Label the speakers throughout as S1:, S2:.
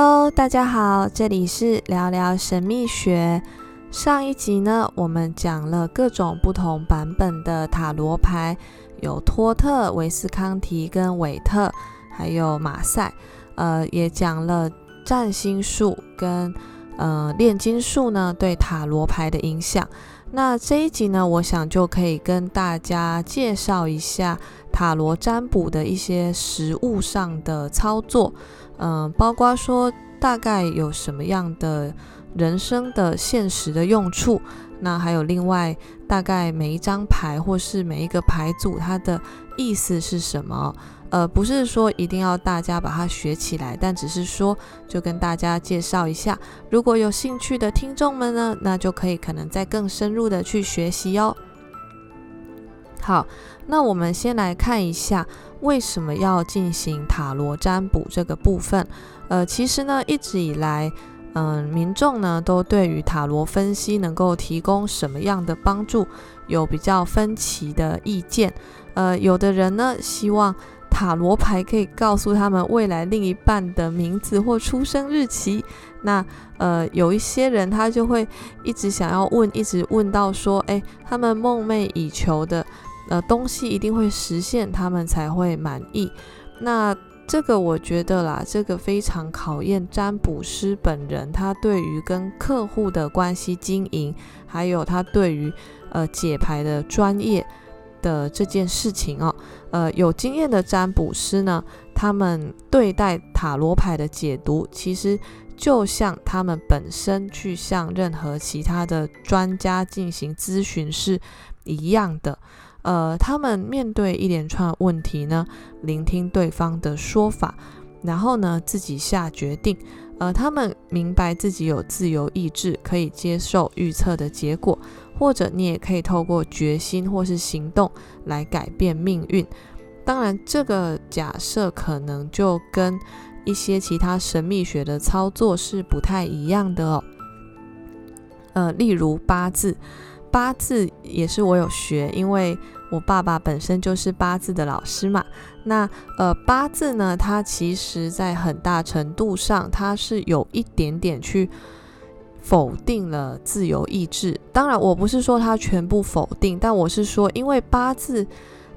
S1: Hello，大家好，這裡是聊聊神秘學。上一集呢，我們講了各種不同版本的塔羅牌，有托特、維斯康提跟韋特，還有馬賽。呃，也講了占星術跟呃煉金術呢，對塔羅牌的影響。那這一集呢，我想就可以跟大家介紹一下塔羅占卜的一些實務上的操作。嗯、呃，包括說大概有什麼樣的人生的現實的用處，那還有另外大概每一張牌或是每一個牌組它的意思是什麼？呃，不是說一定要大家把它學起來，但只是說就跟大家介紹一下。如果有興趣的聽眾們呢，那就可以可能再更深入的去學習哦。好，那我們先來看一下為什麼要進行塔羅占卜這個部分。呃，其實呢，一直以來，嗯、呃，民眾呢都對於塔羅分析能夠提供什麼樣的幫助有比較分歧的意見。呃，有的人呢希望塔羅牌可以告訴他們未來另一半的名字或出生日期。那呃，有一些人他就會一直想要問，一直問到說，哎，他們夢寐以求的。呃，東西一定會實現，他們才會滿意。那這個我覺得啦，這個非常考驗占卜師本人，他對於跟客戶的關係經營，還有他對於呃解牌的專業的這件事情哦，呃，有經驗的占卜師呢，他們對待塔羅牌的解讀，其實就像他們本身去向任何其他的專家進行諮詢是一樣的。呃，他們面對一連串問題呢，聆聽對方的說法，然後呢自己下決定。呃，他們明白自己有自由意志，可以接受預測的結果，或者你也可以透過決心或是行動來改變命運。當然，這個假設可能就跟一些其他神秘學的操作是不太一樣的哦。呃，例如八字。八字也是我有學，因為我爸爸本身就是八字的老師嘛。那呃，八字呢，它其實在很大程度上，它是有一點點去否定了自由意志。當然，我不是說它全部否定，但我是說，因為八字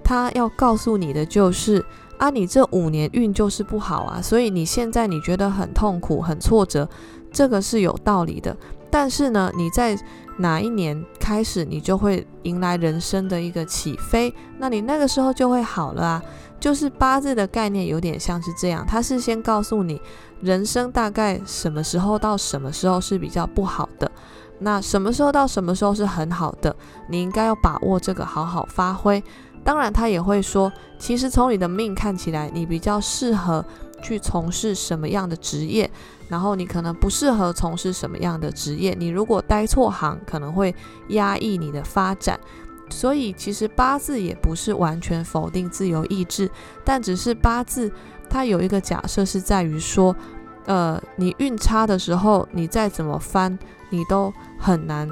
S1: 它要告訴你的就是，啊，你這五年運就是不好啊，所以你現在你覺得很痛苦、很挫折，這個是有道理的。但是呢，你在哪一年開始，你就會迎來人生的一個起飛，那你那個時候就會好了啊。就是八字的概念有點像是這樣，他是先告訴你人生大概什麼時候到什麼時候是比較不好的，那什麼時候到什麼時候是很好的，你應該要把握這個好好發揮。當然，他也會說，其實從你的命看起來，你比較適合去從事什麼樣的職業。然後你可能不適合從事什麼樣的職業，你如果待錯行，可能會壓抑你的發展。所以其實八字也不是完全否定自由意志，但只是八字它有一個假設是在於說，呃，你運差的時候，你再怎麼翻，你都很難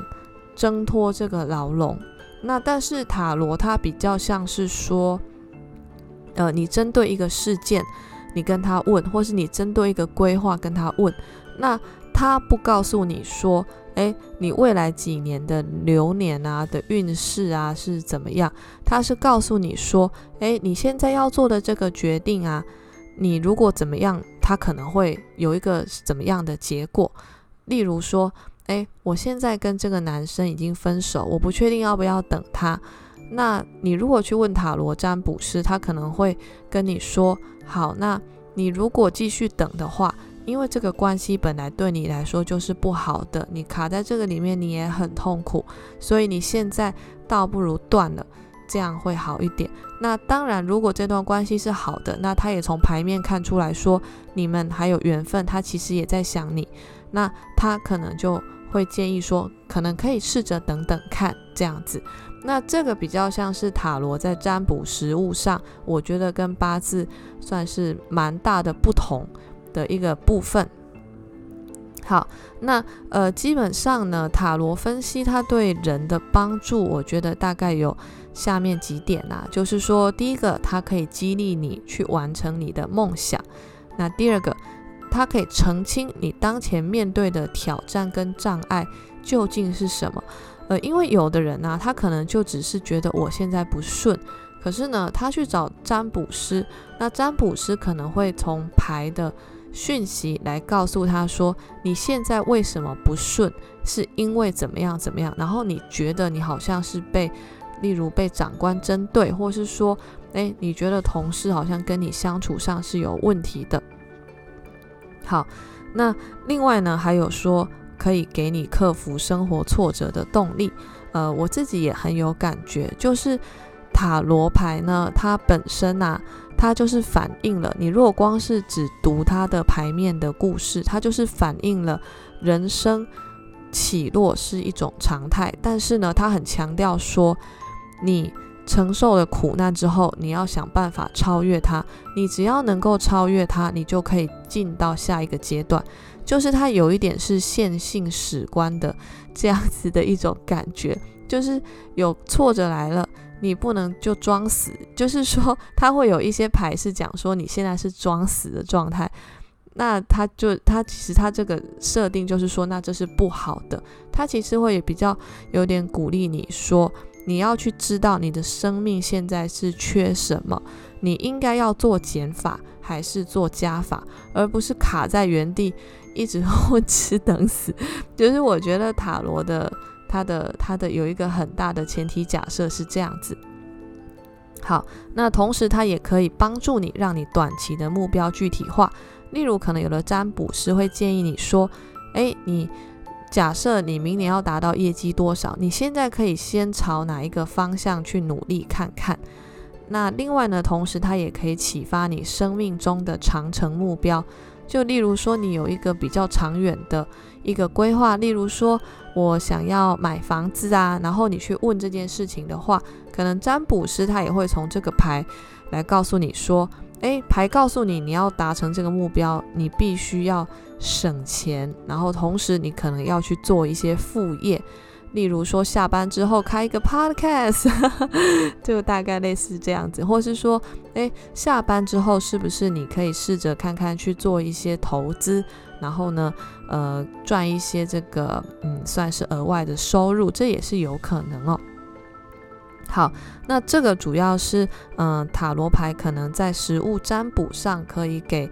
S1: 掙脫這個牢籠。那但是塔羅它比較像是說，呃，你針對一個事件。你跟他問，或是你針對一個規劃跟他問，那他不告訴你說，誒，你未來幾年的流年啊的運勢啊是怎麼樣？他是告訴你說，誒，你現在要做的這個決定啊，你如果怎麼樣，他可能會有一個怎麼樣的結果。例如說，誒，我現在跟這個男生已經分手，我不確定要不要等他。那你如果去問塔羅占卜師，他可能會跟你說：好，那你如果繼續等的話，因為這個關係本來對你來說就是不好的，你卡在這個裡面，你也很痛苦，所以你現在倒不如斷了，這樣會好一點。那當然，如果這段關係是好的，那他也從牌面看出來說你們還有緣分，他其實也在想你，那他可能就會建議說，可能可以試着等等看，這樣子。那這個比較像是塔羅在占卜實務上，我覺得跟八字算是蠻大的不同的一個部分。好，那呃，基本上呢，塔羅分析它對人的幫助，我覺得大概有下面幾點啦、啊，就是說，第一個，它可以激勵你去完成你的夢想；那第二個，它可以澄清你當前面對的挑戰跟障礙究竟是什麼。呃，因為有的人呢、啊，他可能就只是覺得我現在不順，可是呢，他去找占卜師，那占卜師可能會從牌的訊息來告訴他說，你現在為什麼不順，是因為怎麼樣怎麼樣，然後你覺得你好像是被，例如被長官針對，或是說，誒，你覺得同事好像跟你相處上是有問題的。好，那另外呢，還有說。可以給你克服生活挫折的動力。呃，我自己也很有感覺，就是塔羅牌呢，它本身呢、啊，它就是反映了，你如果光是只讀它的牌面的故事，它就是反映了人生起落是一種常態。但是呢，它很強調說，你承受了苦難之後，你要想辦法超越它。你只要能夠超越它，你就可以進到下一個階段。就是它有一點是線性史觀的這樣子的一種感覺，就是有挫折來了，你不能就裝死。就是說，它會有一些牌是講說你現在是裝死的狀態，那它就它其實它這個設定就是說，那這是不好的。它其實會也比較有點鼓勵你說，你要去知道你的生命現在是缺什麼，你應該要做減法還是做加法，而不是卡在原地。一直坐吃等死，就是我覺得塔羅的它的它的有一個很大的前提假設是這樣子。好，那同時它也可以幫助你，讓你短期的目標具體化。例如，可能有的占卜師會建議你說：“哎，你假設你明年要達到業績多少，你現在可以先朝哪一個方向去努力看看。”那另外呢，同時它也可以啟發你生命中的長程目標。就例如說，你有一個比較長遠的一個規劃，例如說我想要買房子啊，然後你去問這件事情的話，可能占卜師他也會從這個牌來告訴你說，誒，牌告訴你，你要達成這個目標，你必須要省錢，然後同時你可能要去做一些副業。例如說，下班之後開一個 podcast， 就大概類似這樣子，或是說，誒，下班之後是不是你可以試着看看去做一些投資，然後呢，呃，賺一些這個嗯，算是額外的收入，這也是有可能哦。好，那這個主要是嗯、呃，塔羅牌可能在實務占卜上可以給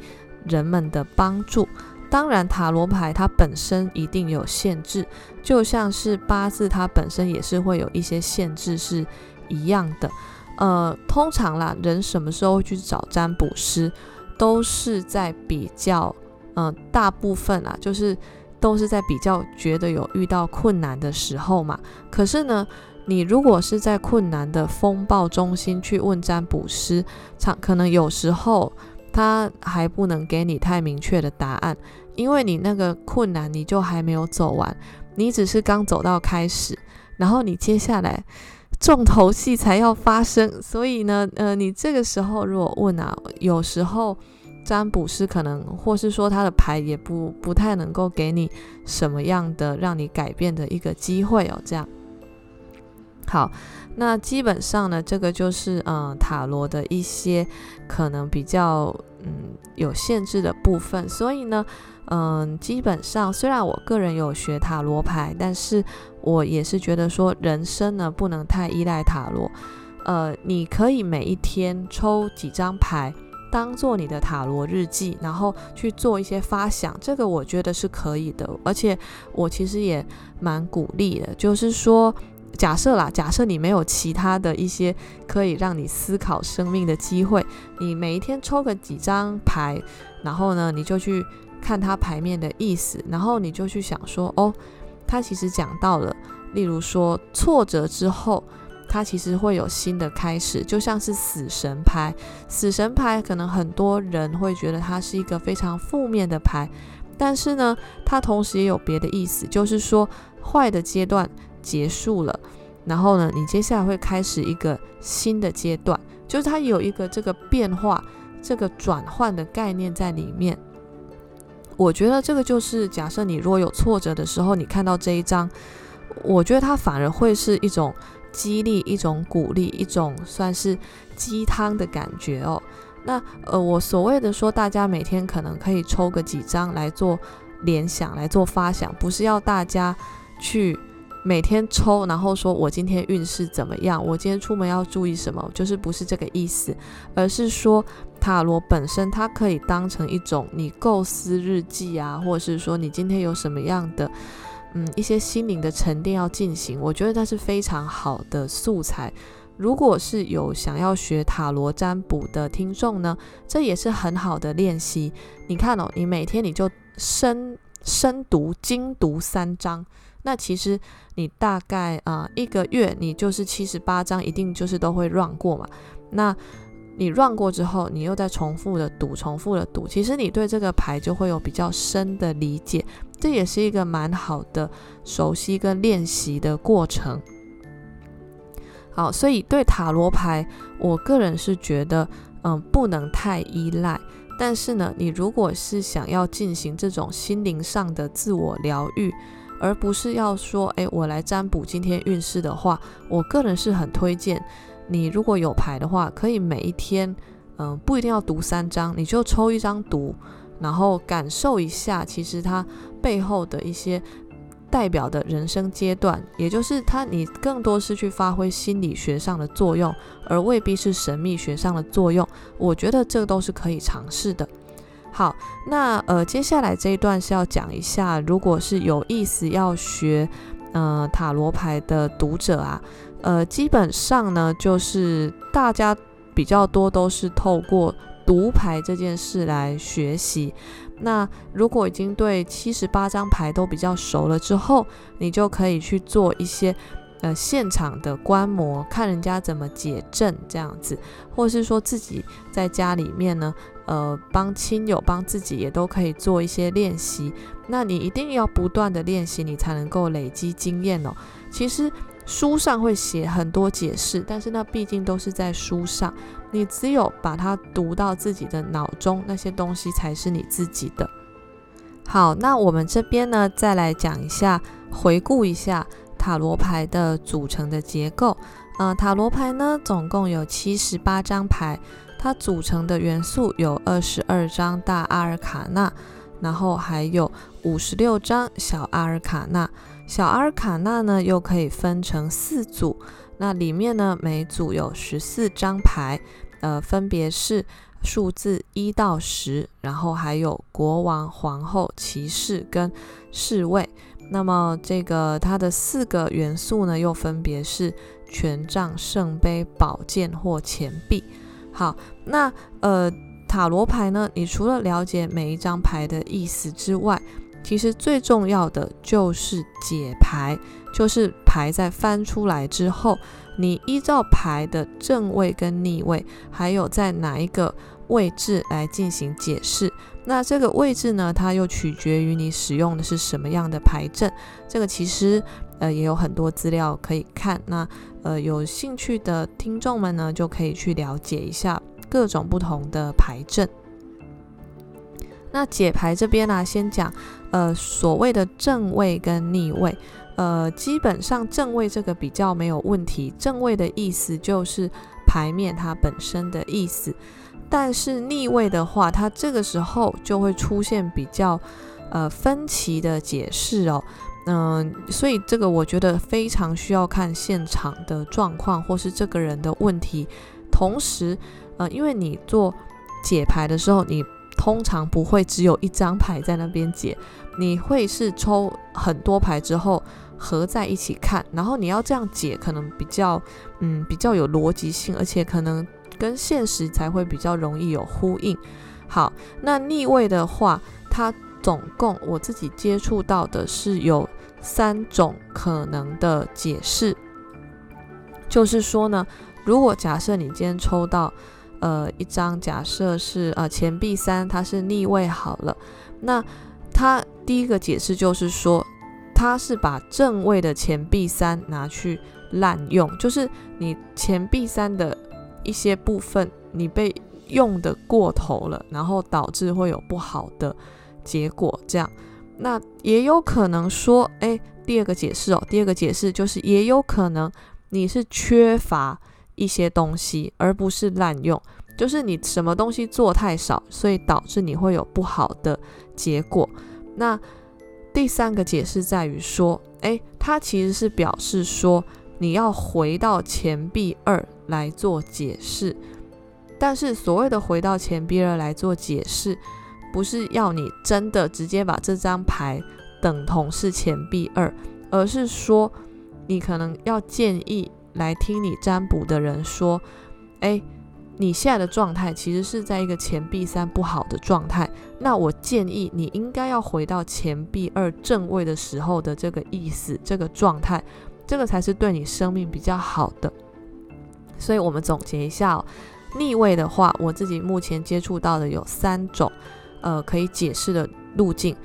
S1: 人們的幫助。當然，塔羅牌它本身一定有限制，就像是八字它本身也是會有一些限制是一樣的。呃，通常啦，人什麼時候去找占卜師，都是在比較，嗯、呃，大部分啦，就是都是在比較覺得有遇到困難的時候嘛。可是呢，你如果是在困難的風暴中心去問占卜師，常可能有時候。他還不能給你太明確的答案，因為你那個困難你就還沒有走完，你只是剛走到開始，然後你接下來重頭戲才要發生，所以呢，呃，你這個時候如果問啊，有時候占卜師可能或是說他的牌也不不太能夠給你什麼樣的讓你改變的一個機會哦，這樣好。那基本上呢，這個就是嗯、呃、塔羅的一些可能比較嗯有限制的部分。所以呢，嗯、呃、基本上雖然我個人有學塔羅牌，但是我也是覺得說人生呢，不能太依賴塔羅。呃，你可以每一天抽幾張牌當做你的塔羅日記，然後去做一些發想，這個我覺得是可以的。而且我其實也蠻鼓勵的，就是說。假設啦，假設你沒有其他的一些可以讓你思考生命的機會，你每一天抽個幾張牌，然後呢，你就去看它牌面的意思，然後你就去想說，哦，它其實講到了，例如說挫折之後，它其實會有新的開始，就像是死神牌。死神牌可能很多人會覺得它是一個非常負面的牌，但是呢，它同時也有別的意思，就是說壞的階段。結束了，然後呢，你接下來會開始一個新的階段，就是它有一個這個變化、這個轉換的概念在裡面。我覺得這個就是，假設你如果有挫折的時候，你看到這一張，我覺得它反而會是一種激勵、一種鼓勵、一種算是雞湯的感覺哦。那呃，我所謂的說，大家每天可能可以抽個幾張來做聯想、來做發想，不是要大家去。每天抽，然後說我今天運勢怎麼樣？我今天出門要注意什麼？就是不是這個意思，而是說塔羅本身它可以當成一種你構思日記啊，或者是說你今天有什麼樣的嗯一些心靈的沉澱要進行，我覺得它是非常好的素材。如果是有想要學塔羅占卜的聽眾呢，這也是很好的練習。你看哦，你每天你就深深讀精讀三張，那其實你大概啊、呃、一個月，你就是七十八張，一定就是都會亂過嘛。那你亂過之後，你又再重複的讀，重複的讀，其實你對這個牌就會有比較深的理解。這也是一個蠻好的熟悉跟練習的過程。好，所以對塔羅牌，我個人是覺得，嗯，不能太依賴。但是呢，你如果是想要進行這種心靈上的自我療癒，而不是要說，哎，我來占卜今天運勢的話，我個人是很推薦你，如果有牌的話，可以每一天，嗯、呃，不一定要讀三張，你就抽一張讀，然後感受一下，其實它背後的一些代表的人生階段，也就是它，你更多是去發揮心理學上的作用，而未必是神秘學上的作用。我覺得這都是可以嘗試的。好，那呃，接下來這一段是要講一下，如果是有意思要學呃塔羅牌的讀者啊，呃，基本上呢，就是大家比較多都是透過讀牌這件事來學習。那如果已經對七十八張牌都比較熟了之後，你就可以去做一些呃現場的觀摩，看人家怎麼解陣這樣子，或是說自己在家裡面呢。呃，幫親友、幫自己也都可以做一些練習。那你一定要不斷的練習，你才能夠累積經驗哦。其實書上會寫很多解釋，但是那畢竟都是在書上，你只有把它讀到自己的腦中，那些東西才是你自己的。好，那我們這邊呢，再來講一下，回顧一下塔羅牌的組成的結構。嗯、呃，塔羅牌呢，總共有七十八張牌。它組成的元素有二十二張大阿爾卡納，然後還有五十六張小阿爾卡納。小阿爾卡納呢，又可以分成四組，那裡面呢，每組有十四張牌，呃，分別是數字一到十，然後還有國王、皇後、騎士跟侍衛。那麼這個它的四個元素呢，又分別是權杖、聖杯、寶劍或錢幣。好，那呃，塔羅牌呢，你除了了解每一張牌的意思之外，其實最重要的就是解牌，就是牌在翻出來之後，你依照牌的正位跟逆位，還有在哪一個位置來進行解釋。那這個位置呢，它又取決於你使用的是什麼樣的牌陣。這個其實。呃，也有很多資料可以看。那呃，有興趣的聽眾們呢，就可以去了解一下各種不同的牌陣。那解牌這邊呢，啊，先講呃所謂的正位跟逆位。呃，基本上正位這個比較沒有問題，正位的意思就是牌面它本身的意思。但是逆位的話，它這個時候就會出現比較呃分歧的解釋哦。嗯、呃，所以這個我覺得非常需要看現場的狀況，或是這個人的問題。同時，呃，因為你做解牌的時候，你通常不會只有一張牌在那邊解，你會是抽很多牌之後合在一起看。然後你要這樣解，可能比較，嗯，比較有邏輯性，而且可能跟現實才會比較容易有呼應。好，那逆位的話，它總共我自己接觸到的是有。三種可能的解釋，就是說呢，如果假設你今天抽到，呃，一張假設是呃錢幣三它是逆位好了，那它第一個解釋就是說，它是把正位的錢幣三拿去濫用，就是你錢幣三的一些部分你被用得過頭了，然後導致會有不好的結果這樣。那也有可能說，誒，第二個解釋哦，第二個解釋就是，也有可能你是缺乏一些東西，而不是濫用，就是你什麼東西做太少，所以導致你會有不好的結果。那第三個解釋在於說，誒，它其實是表示說你要回到錢幣二來做解釋，但是所謂的回到錢幣二來做解釋。不是要你真的直接把這張牌等同是錢幣二，而是說你可能要建議來聽你占卜的人說：“誒，你現在的狀態其實是在一個錢幣三不好的狀態。那我建議你應該要回到錢幣二正位的時候的這個意思、這個狀態，這個才是對你生命比較好的。所以，我們總結一下哦，逆位的話，我自己目前接觸到的有三種。”呃，可以解釋的路徑，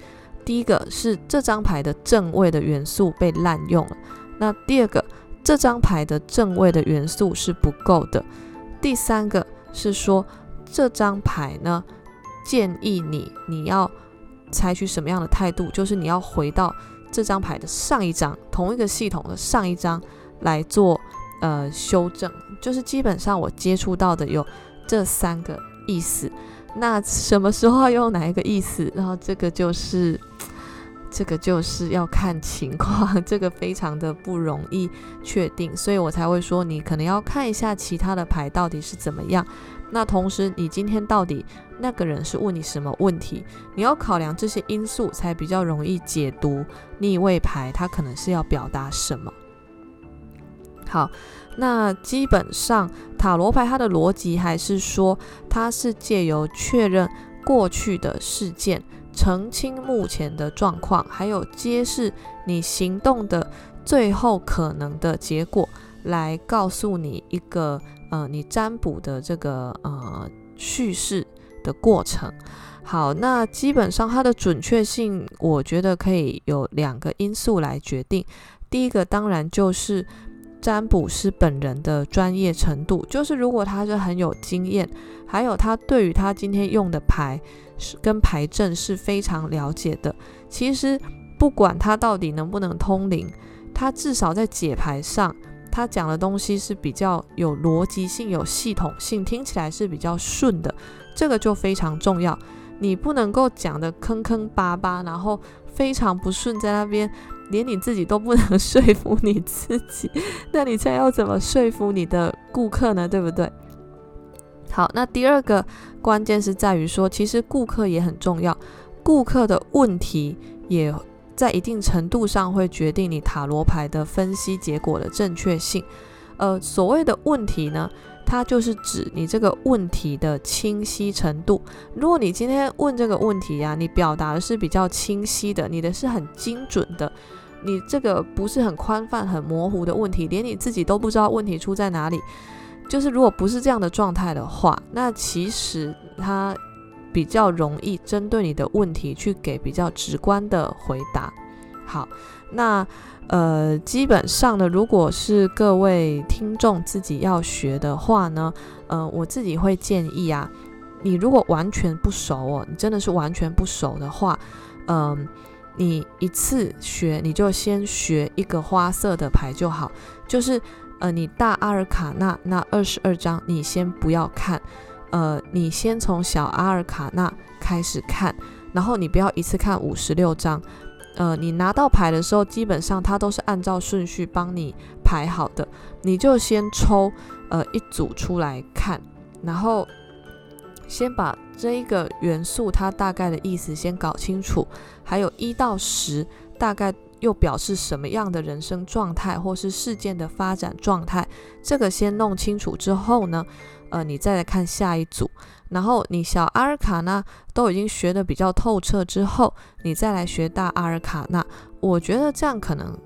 S1: 第一個是這張牌的正位的元素被濫用了，那第二個，這張牌的正位的元素是不夠的，第三個是說這張牌呢，建議你你要採取什麼樣的態度，就是你要回到這張牌的上一張，同一個系統的上一張來做呃修正，就是基本上我接觸到的有這三個意思。那什麼時候用哪一個意思？然後這個就是，這個就是要看情況，這個非常的不容易確定，所以我才會說你可能要看一下其他的牌到底是怎麼樣。那同時，你今天到底那個人是問你什麼問題？你要考量這些因素，才比較容易解讀逆位牌，它可能是要表達什麼。好。那基本上塔羅牌它的邏輯還是說，它是借由確認過去的事件、澄清目前的狀況，還有揭示你行動的最後可能的結果，來告訴你一個呃你占卜的這個呃敘事的過程。好，那基本上它的準確性，我覺得可以有兩個因素來決定。第一個當然就是，占卜師本人的專業程度，就是如果他是很有經驗，還有他對於他今天用的牌是跟牌陣是非常了解的。其實不管他到底能不能通靈，他至少在解牌上，他講的東西是比較有邏輯性、有系統性，聽起來是比較順的。這個就非常重要。你不能夠講得坑坑巴巴，然後非常不順在那邊。連你自己都不能說服你自己，那你現在要怎麼說服你的顧客呢？對不對？好，那第二個關鍵是在於說，其實顧客也很重要，顧客的問題也在一定程度上會決定你塔羅牌的分析結果的正確性。呃，所謂的問題呢，它就是指你這個問題的清晰程度。如果你今天問這個問題呀、啊，你表達的是比較清晰的，你的是很精準的。你這個不是很寬泛、很模糊的問題，連你自己都不知道問題出在哪裡。就是如果不是這樣的狀態的話，那其實它比較容易針對你的問題去給比較直觀的回答。好，那呃，基本上呢，如果是各位聽眾自己要學的話呢，呃，我自己會建議啊，你如果完全不熟哦，你真的是完全不熟的話，嗯、呃。你一次學，你就先學一個花色的牌就好，就是呃，你大阿爾卡納那二十二張你先不要看，呃，你先從小阿爾卡納開始看，然後你不要一次看五十六張，呃，你拿到牌的時候基本上它都是按照順序幫你排好的，你就先抽呃一組出來看，然後。先把這一個元素，它大概的意思先搞清楚，還有一到十，大概又表示什麼樣的人生狀態或是事件的發展狀態，這個先弄清楚之後呢，呃，你再來看下一組，然後你小阿爾卡納，都已經學得比較透徹之後，你再來學大阿爾卡納，我覺得這樣可能，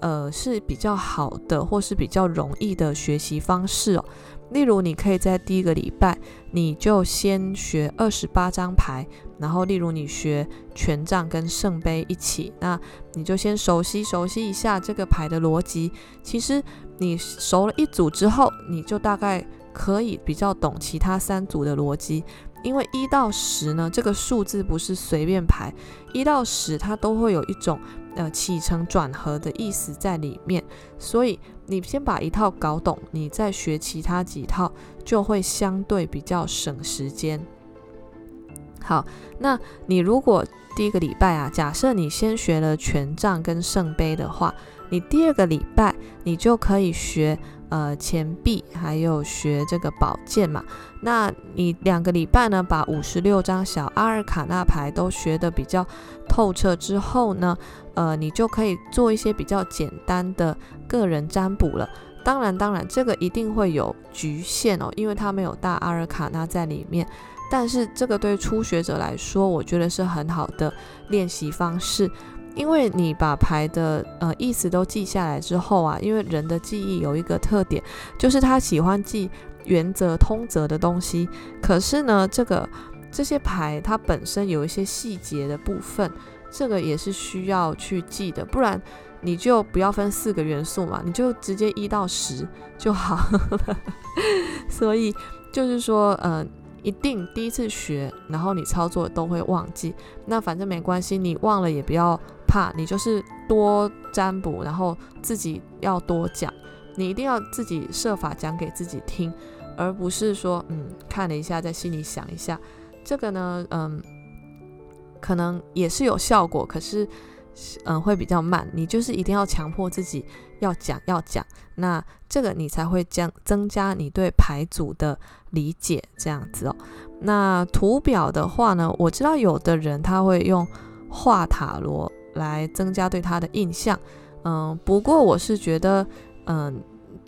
S1: 呃，是比較好的或是比較容易的學習方式哦。例如，你可以在第一個禮拜，你就先學二十八張牌，然後，例如你學權杖跟聖杯一起，那你就先熟悉熟悉一下這個牌的邏輯。其實，你熟了一組之後，你就大概可以比較懂其他三組的邏輯。因為一到十呢，這個數字不是隨便排，一到十它都會有一種呃起承轉合的意思在裡面，所以。你先把一套搞懂，你再學其他幾套就會相對比較省時間。好，那你如果第一個禮拜啊，假設你先學了權杖跟聖杯的話，你第二個禮拜你就可以學。呃，錢幣還有學這個寶劍嘛？那你兩個禮拜呢，把五十六張小阿爾卡納牌都學得比較透徹之後呢，呃，你就可以做一些比較簡單的個人占卜了。當然，當然，這個一定會有局限哦，因為它沒有大阿爾卡納在裡面。但是這個對初學者來說，我覺得是很好的練習方式。因為你把牌的呃意思都記下來之後啊，因為人的記憶有一個特點，就是他喜歡記原則通則的東西。可是呢，這個這些牌它本身有一些細節的部分，這個也是需要去記的。不然你就不要分四個元素嘛，你就直接一到十就好了。 所以就是說，呃，一定第一次學，然後你操作都會忘記。那反正沒關係，你忘了也不要。怕，你就是多占卜，然後自己要多講，你一定要自己設法講給自己聽，而不是說嗯，看了一下，在心裡想一下，這個呢，嗯，可能也是有效果，可是嗯，會比較慢。你就是一定要強迫自己要講要講，那這個你才會將增加你對牌組的理解這樣子哦。那圖表的話呢，我知道有的人他會用畫塔羅。來增加對他的印象，嗯，不過我是覺得，嗯，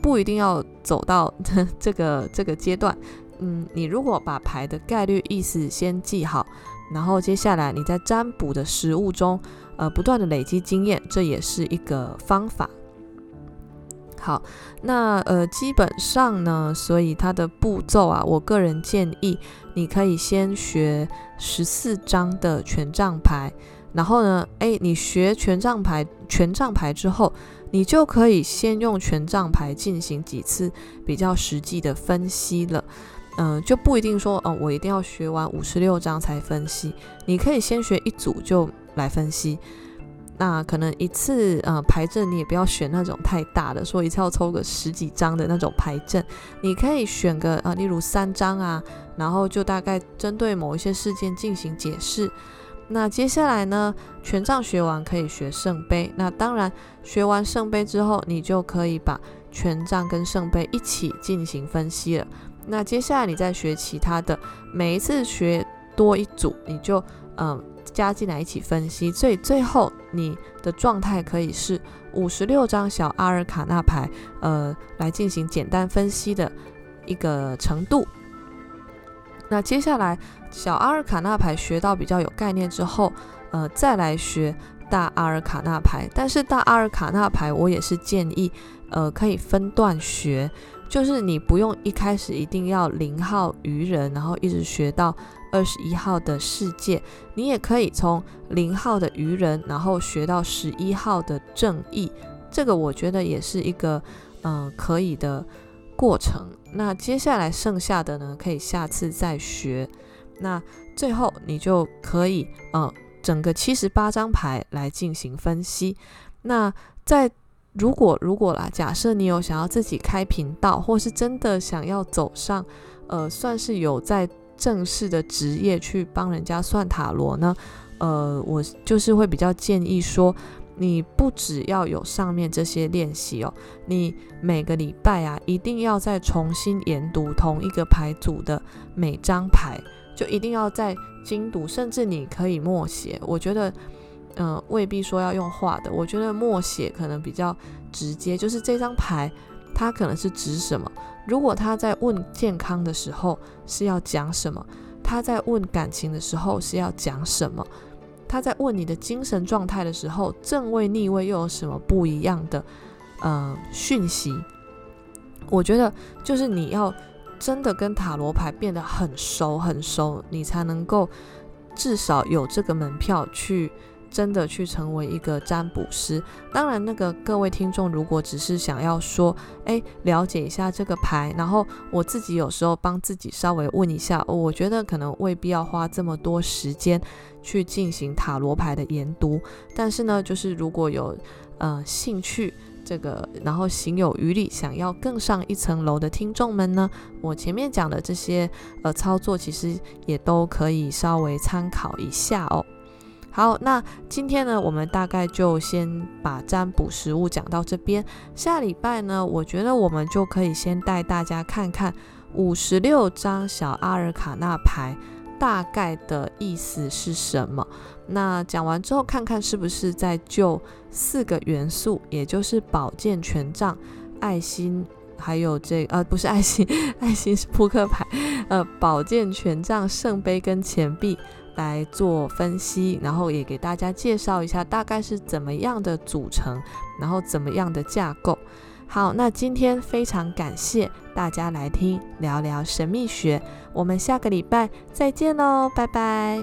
S1: 不一定要走到這、這個這個階段，嗯，你如果把牌的概率意思先記好，然後接下來你在占卜的實務中，呃，不斷的累積經驗，這也是一個方法。好，那呃，基本上呢，所以它的步驟啊，我個人建議你可以先學十四張的權杖牌。然後呢，哎，你學權杖牌，權杖牌之後，你就可以先用權杖牌進行幾次比較實際的分析了。嗯、呃，就不一定說哦、呃，我一定要學完五十六張才分析。你可以先學一組就來分析。那可能一次呃，牌陣你也不要選那種太大的，說一次要抽個十幾張的那種牌陣。你可以選個啊、呃，例如三張啊，然後就大概針對某一些事件進行解釋。那接下來呢，權杖學完可以學聖杯。那當然，學完聖杯之後，你就可以把權杖跟聖杯一起進行分析了。那接下來你再學其他的，每一次學多一組，你就嗯、呃、加進來一起分析。最最後你的狀態可以是五十六張小阿爾卡納牌，呃，來進行簡單分析的一個程度。那接下來，小阿爾卡納牌學到比較有概念之後，呃，再來學大阿爾卡納牌。但是大阿爾卡納牌，我也是建議，呃，可以分段學，就是你不用一開始一定要零號愚人，然後一直學到二十一號的世界，你也可以從零號的愚人，然後學到十一號的正義，這個我覺得也是一個，嗯、呃，可以的過程。那接下來剩下的呢，可以下次再學。那最後你就可以，呃，整個七十八張牌來進行分析。那在如果如果啦，假設你有想要自己開頻道，或是真的想要走上，呃，算是有在正式的職業去幫人家算塔羅呢，呃，我就是會比較建議說。你不只要有上面這些練習哦，你每個禮拜啊，一定要再重新研讀同一個牌組的每張牌，就一定要再精讀，甚至你可以默寫。我覺得，嗯、呃，未必說要用畫的，我覺得默寫可能比較直接。就是這張牌，它可能是指什麼？如果他在問健康的時候是要講什麼？他在問感情的時候是要講什麼？他在問你的精神狀態的時候，正位、逆位又有什麼不一樣的呃訊息？我覺得就是你要真的跟塔羅牌變得很熟很熟，你才能夠至少有這個門票去。真的去成為一個占卜師。當然，那個各位聽眾如果只是想要說，誒，了解一下這個牌，然後我自己有時候幫自己稍微問一下，我覺得可能未必要花這麼多時間去進行塔羅牌的研讀。但是呢，就是如果有呃興趣，這個然後行有餘力，想要更上一層樓的聽眾們呢，我前面講的這些呃操作，其實也都可以稍微參考一下哦。好，那今天呢，我們大概就先把占卜實務講到這邊。下禮拜呢，我覺得我們就可以先帶大家看看五十六張小阿爾卡納牌大概的意思是什麼？那講完之後，看看是不是再就四個元素，也就是寶劍、權杖、愛心，還有這個、呃不是愛心，愛心是撲克牌，呃，寶劍、權杖、聖杯跟錢幣。來做分析，然後也給大家介紹一下大概是怎麼樣的組成，然後怎麼樣的架構。好，那今天非常感謝大家來聽，聊聊神秘學，我們下個禮拜再見嘍，拜拜。